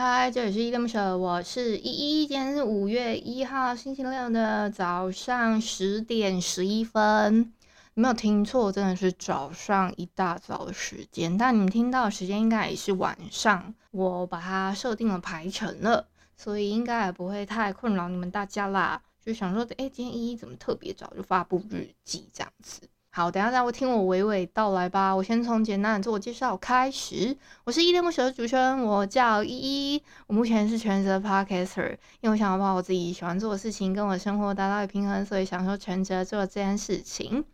嗨，Hi, 這裡是依依戀不捨，Show, 我是依依，今天是五月一號星期六的早上十點十一分，沒有聽錯，真的是早上一大早的時間，但你們聽到的時間應該也是晚上，我把它設定了排程了，所以應該也不會太困擾你們大家啦。就想說，哎、欸，今天依依怎麼特別早就發布日記這樣子？好，等一下再會聽我娓娓道來吧。我先從簡單的自我介紹開始。我是依依戀不捨的主持人，我叫依依。我目前是全職 Podcaster，因為我想要把我自己喜歡做的事情跟我的生活達到一個平衡，所以想說全職做這件事情。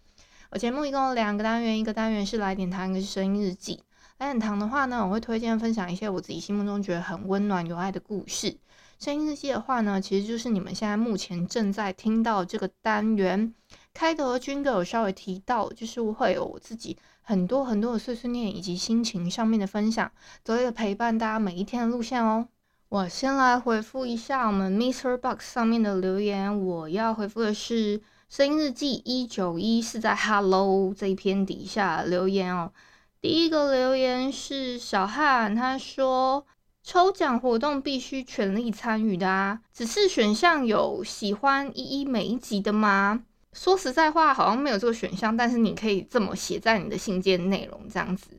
我節目一共有兩個單元，一個單元是來點糖，一個是聲音日記。來點糖的話呢，我會推薦分享一些我自己心目中覺得很溫暖、有愛的故事。聲音日記的話呢，其實就是你們現在目前正在聽到這個單元。開頭和軍哥有稍微提到，就是我會有我自己很多很多的碎碎念以及心情上面的分享，都有陪伴大家每一天的路線哦。我先來回復一下我們 MixerBox 上面的留言，我要回復的是聲音日記一九一，是在 Hello 這一篇底下留言哦。第一個留言是小漢，他說抽獎活動必須全力參與的啊，只是選項有喜歡依依每一集的嗎？說實在話，好像沒有這個選項，但是你可以這麼寫在你的信件內容這樣子。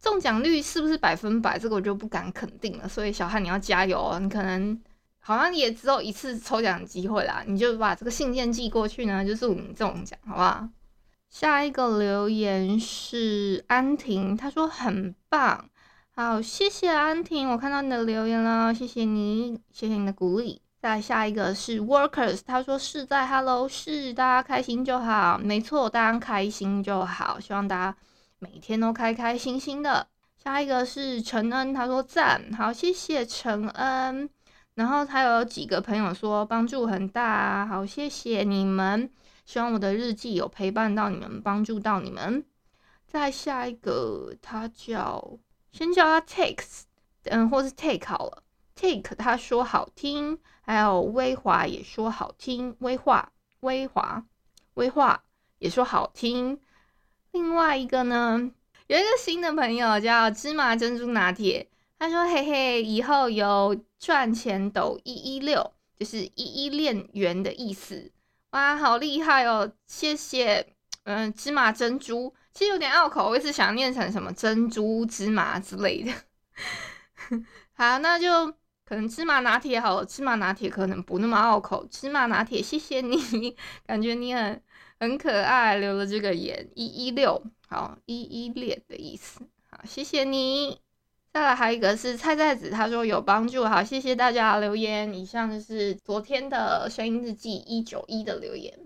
中獎率是不是百分百？這個我就不敢肯定了。所以小漢，你要加油哦！你可能好像也只有一次抽獎機會啦，你就把這個信件寄過去呢，就是我們中獎，好不好？下一個留言是安婷，她說很棒，好，謝謝安婷，我看到你的留言了，謝謝你，謝謝你的鼓勵。再下一個是 Workers，他說是在 Hello，是的，大家開心就好，沒錯，大家開心就好，希望大家每天都開開心心的。下一個是陳恩，他說讚，好，謝謝陳恩。然後他有幾個朋友說幫助很大，好，謝謝你們，希望我的日記有陪伴到你們，幫助到你們。再下一個他叫先叫他 takes，嗯，或是 take 好了。take 他說好聽，還有威華也說好聽，威化威華威化也說好聽。另外一個呢，有一個新的朋友叫芝麻珍珠拿鐵，他說嘿嘿，以後有賺錢抖一一六，就是一一戀緣的意思。哇，好厲害哦，謝謝。嗯、呃，芝麻珍珠其實有點拗口，我一直想念成什麼珍珠芝麻之類的。 好，那就。可能芝麻拿鐵好了，芝麻拿鐵可能不那麼拗口。芝麻拿鐵，謝謝你，感覺你很很可愛，留了這個言一一六，6，好一一列，的意思。好，謝謝你。再來還有一個是菜菜子，他說有幫助。好，謝謝大家留言。以上就是昨天的聲音日記一九一的留言。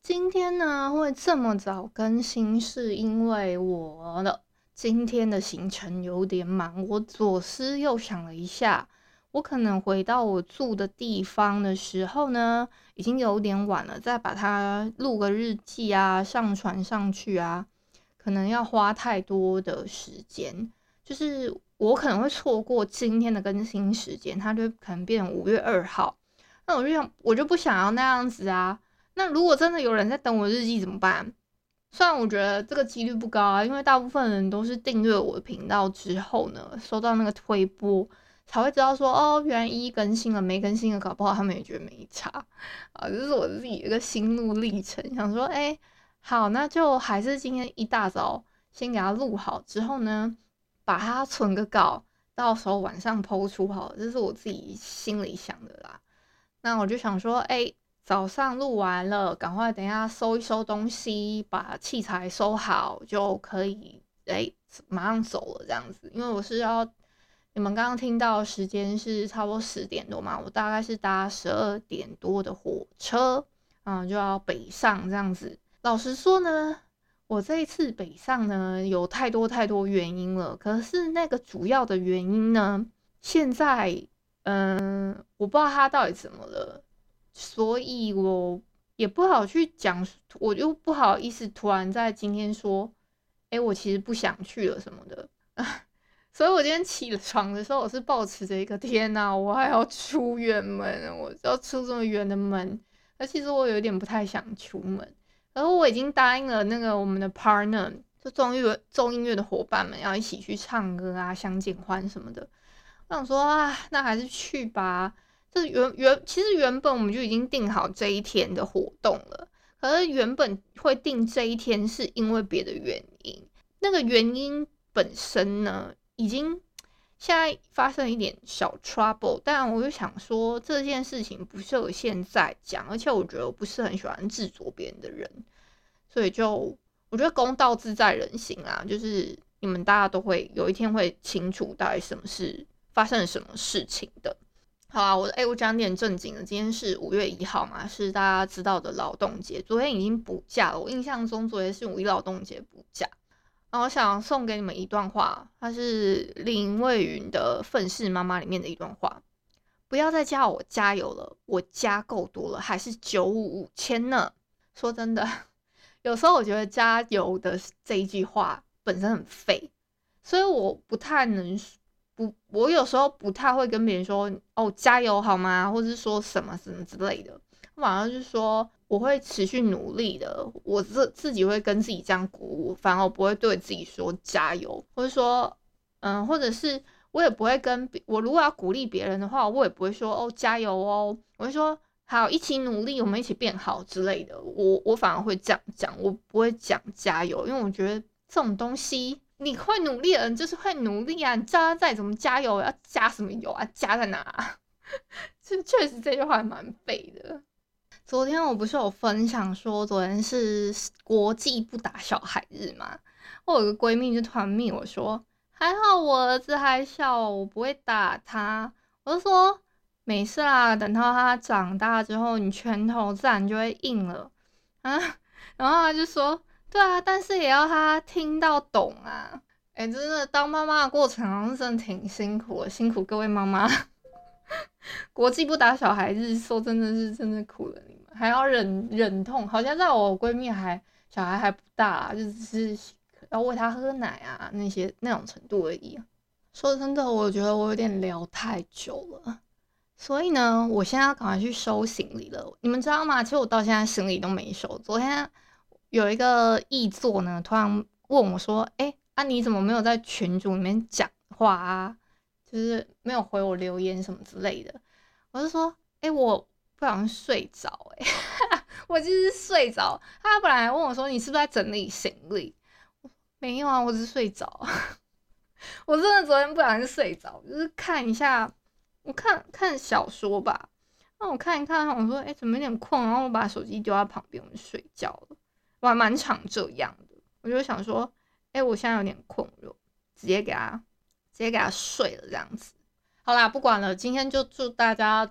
今天呢會這麼早更新，是因為我呢今天的行程有點忙，我左思右想了一下，我可能回到我住的地方的時候呢，已經有點晚了。再把它錄個日記啊，上傳上去啊，可能要花太多的時間。就是我可能會錯過今天的更新時間，它就可能變成五月二號。那我就想，我就不想要那樣子啊。那如果真的有人在等我日記怎麼辦？雖然我覺得這個幾率不高啊，因為大部分人都是訂閱我的頻道之後呢，收到那個推播。才會知道說哦，原來一,一更新了，沒更新的，搞不好他們也覺得沒差啊。這、就是我自己一個心路歷程，想說哎、欸，好，那就還是今天一大早先給它錄好，之後呢，把它存個稿，到時候晚上 po 出好。這是我自己心裡想的啦。那我就想說哎、欸，早上錄完了，趕快等一下收一收東西，把器材收好就可以哎、欸，馬上走了這樣子，因為我是要。你們剛剛聽到時間是差不多十點多嘛，我大概是搭十二點多的火車，啊、嗯，就要北上這樣子。老實說呢，我這一次北上呢，有太多太多原因了。可是那個主要的原因呢，現在，嗯、呃，我不知道他到底怎麼了，所以我也不好去講，我就不好意思突然在今天說，哎、欸，我其實不想去了什麼的 所以我今天起床的時候，我是抱持着一個天啊，我還要出遠門，我要出這麼遠的門。那其實我有點不太想出門，然後我已經答應了那個我們的 partner，就眾議、眾議院的伙伴們，要一起去唱歌啊、相見歡什麼的。我想說啊，那還是去吧。這原、原、其實原本我們就已經定好這一天的活動了，可是原本會定這一天是因為別的原因，那個原因本身呢？已經現在發生一點小 trouble，但我就想說這件事情不是我現在講，而且我覺得我不是很喜歡制作別人的人，所以就我覺得公道自在人心啊，就是你們大家都會有一天會清楚到底什麼是發生了什麼事情的。好啊，我哎，我講點正經的，今天是五月一號嘛，是大家知道的勞動節，昨天已經補假了，我印象中昨天是五一勞動節補假。然後我想送給你們一段話，它是林蔚昀的《憤世媽媽》裡面的一段話：“不要再叫我加油了，我加夠多了，還是九五五千呢。”說真的，有時候我覺得“加油”的這一句話本身很廢，所以我不太能說，不，我有時候不太會跟別人說：“哦，加油好嗎？”或是說什麼什麼之類的。反而就是說，我會持續努力的。我自自己會跟自己這樣鼓舞，反而我不會對自己說加油，或者說，嗯，或者是我也不會跟別我如果要鼓勵別人的話，我，我也不會說哦加油哦，我會說好一起努力，我們一起變好之類的。我我反而會這樣講，我不會講加油，因為我覺得這種東西你會努力的人就是會努力啊，你叫他再怎麼加油要加什麼油啊？加在哪啊？這 確實這句話還蠻廢的。昨天我不是有分享說，昨天是國際不打小孩日嘛。我有個閨蜜就突然問我，說還好我兒子還小，我不會打他。我就說沒事啦，等到他長大之後，你拳頭自然就會硬了啊。然後他就說，對啊，但是也要他聽到懂啊。哎、欸，真的當媽媽的過程，真的挺辛苦的。辛苦各位媽媽。 國際不打小孩日，說真的是真的苦了你。還要忍忍痛，好像在我閨蜜還小孩還不大，啊就是，就是要餵他喝奶啊那些那種程度而已啊。說真的，我覺得我有點聊太久了，嗯、所以呢，我現在要趕快去收行李了。你們知道嗎？其實我到現在行李都沒收。昨天有一個易座呢，突然問我說：“哎、欸，啊妮怎麼沒有在群組裡面講話啊？就是沒有回我留言什麼之類的。我欸”我就說：“哎，我。”不小心睡着、欸、 我就是睡着。他本來問我說：“你是不是在整理行李？”沒有啊，我只是睡着。 我真的昨天不小心睡着，就是看一下，我看看小說吧。那我看一看，我說：“哎、欸，怎麼有點困？”然後我把手機丟在旁邊，我就睡覺了。我還蠻常這樣的。我就想說：“哎、欸，我現在有點困，我直接給他，直接給他睡了這樣子。”好啦，不管了，今天就祝大家。